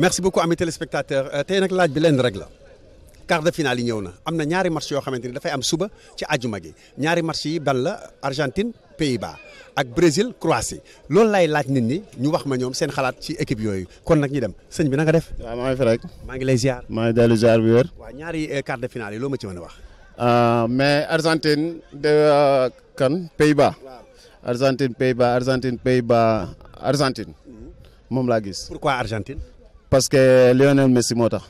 merci beaucoup amis téléspectateurs tey nag laaj bi leen rek la quart de finale yi ñëw na am na ñaari match yoo xamante ni dafay am suba ci àjjuma gi ñaari match yi ban la Argentine Pays-Bas ak Brésil Croatie loolu lay laaj nit ñi ñu wax ma ñoom seen xalaat ci équipe yooyu kon nag ñu dem sëñ bi na nga def. waaw maa ngi fi rek. maa ngi lay ziar. maa ngi dellu ziar bi wér. waaw ñaari quart de finale yi loo ma ci mën a wax. mais Argentine de kan Pays-Bas. Argentine Pays-Bas Argentine Pays-Bas Argentine moom laa gis. pourquoi Argentine. parce que Lionel Messi moo tax.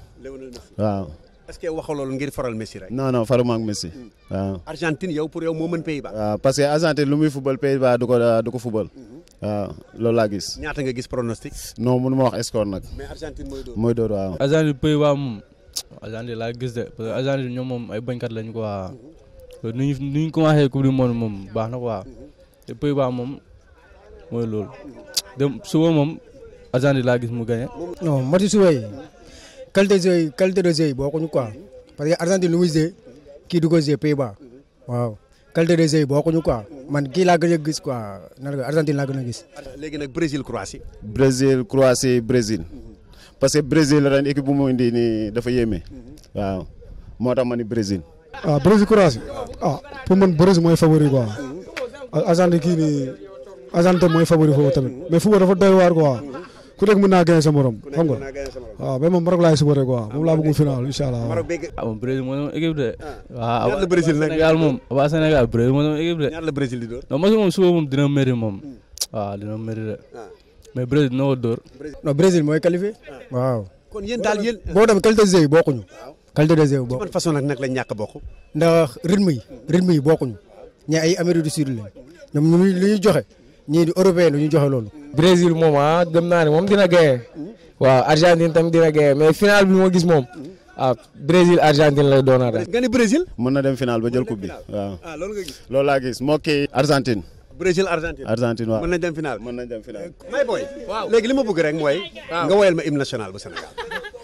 waaw. est-ce que loolu ngir faral Messi rek. non non faruma ak Messi. Hmm. waaw Argentine yow pour yow moo mën pays parce que Argentine lu muy football Pays-Bas du ko du ko football. Hmm. waaw loolu laa gis. ñaata nga gis pronostic. non mënu ma wax score nag. mais Argentine mooy door mooy dóor waaw. Argentine Pays-Bas moom Argentine laa gis de parce que Argentine ñoom moom ay bañkat lañ quoi hmm. nu ñu nu ñu commencé coupe du monde moom baax na quoi te Pays-Bas moom mooy loolu suba moom. Argentine laa gis mu gagné. non match su wey qualité de jeu qualité de parce que Argentine lu muy jeu kii du ko jeu Pays-Bas waaw qualité de jeu bokkuñu man kii laa gën a gis quoi nan la Argentine laa a gis. léegi nag Brésil Croatie. Brésil Croatie Brésil. parce que Brésil ren équipe bu mu indi nii dafa yéeme. waaw moo tax ma ni Brésil. ah Brésil Croatie ah pour man Brésil mooy favori quoi Argentine kii nii Argentine mooy favori foofu tamit mais football dafa doy waar ku nekk mën naa gagné sa morom xam nga waaw mais moom Maroc laay supporté quoi ah, moom laa bëgg mu final incha allah waaw ah, moom Brésil moo doon équipe de waaw ah. ñaar la Brésil moo doon équipe de ñaar la moom suba moom dina de hmm. mais Brésil dina ko dóor mooy qualifié waaw kon yéen daal yéen boo dem qualité de yi bokkuñu qualité de jeu yi bokkuñu façon nag nag lañ ñàkk bokk ndax rythme yi rythme yi bokkuñu ay Amérique du Sud la ñoom ñu li ñuy joxe ñii di européen du ñu joxe loolu. Brésil moom ah gëm naa ne moom dina gaye waaw Argentine tamit dina gaye mais final bi moo gis moom ah Brésil Argentine lay doonaat rek. na dem final ba jël coupe bi waaw. Ah, loolu laa gis moo kii Argentine. Brésil Argentine Argentine waaw mën nañ dem final mën nañ dem final. may li ma bëgg rek mooy. nga woyal ma hymne national bu Sénégal.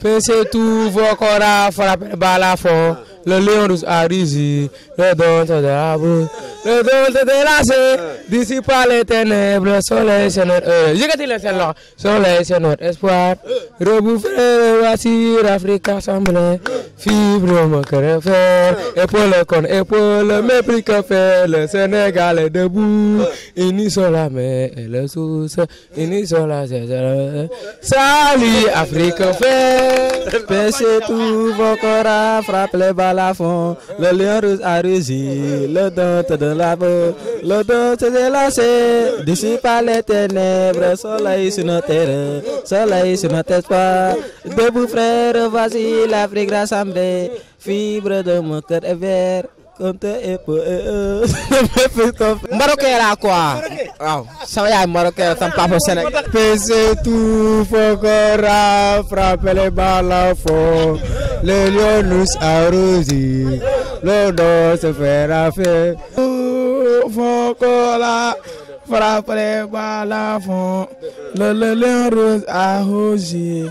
Pensetu Vocora Frappé Balafon. le lion rouge a le don de la boue, le don de la d'ici par les ténèbres, le soleil c'est notre heure. Yëkkati Le seen soleil c'est notre espoir, rebouffé, voici l'Afrique assemblée, fibre mon cœur fer, épaule contre épaule, mépris que fait, le Sénégal est debout, unis sur la mer et le source, unis salut Afrique fait Pensez tout vos corps, à frappe les fond. Le lion russe a rugi, le dente de la veau, Le se de d'ici dissipe les ténèbres. Soleil sur notre terrain, soleil sur notre espoir. Debout frère, voici l'Afrique rassemblée. Fibre de mon cœur est vert. Comme tes eux, Marocain là quoi waaw sama yaay marocain sama papa Sénégal pese tout fogora frappe les balles faux le lionus nous arrosi le se fera fe. fogora frappe les balles faux le, le lion rouge arrosi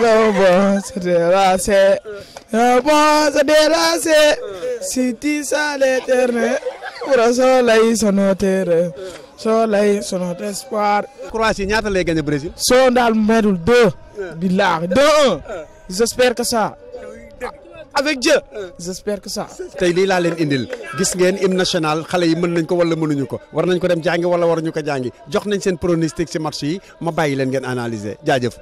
le bon se délasser le bon se délasser si tu l'éternel wala soolay sonoteer soolay sonot espoir. Croatie ñaata lay gagné Brésil. soo daal meedul deux. Eh. billaahi deux un. Eh. j'espère que ça. avec Dieu. Eh. j'espère que ça. tey lii laa leen indil gis ngeen hymne national xale yi mën nañ ko wala mënuñu ko war nañ ko dem jàngi wala waruñu ko jàngi jox nañ seen pronostic ci match yi ma bàyyi leen ngeen analyser jaajëf.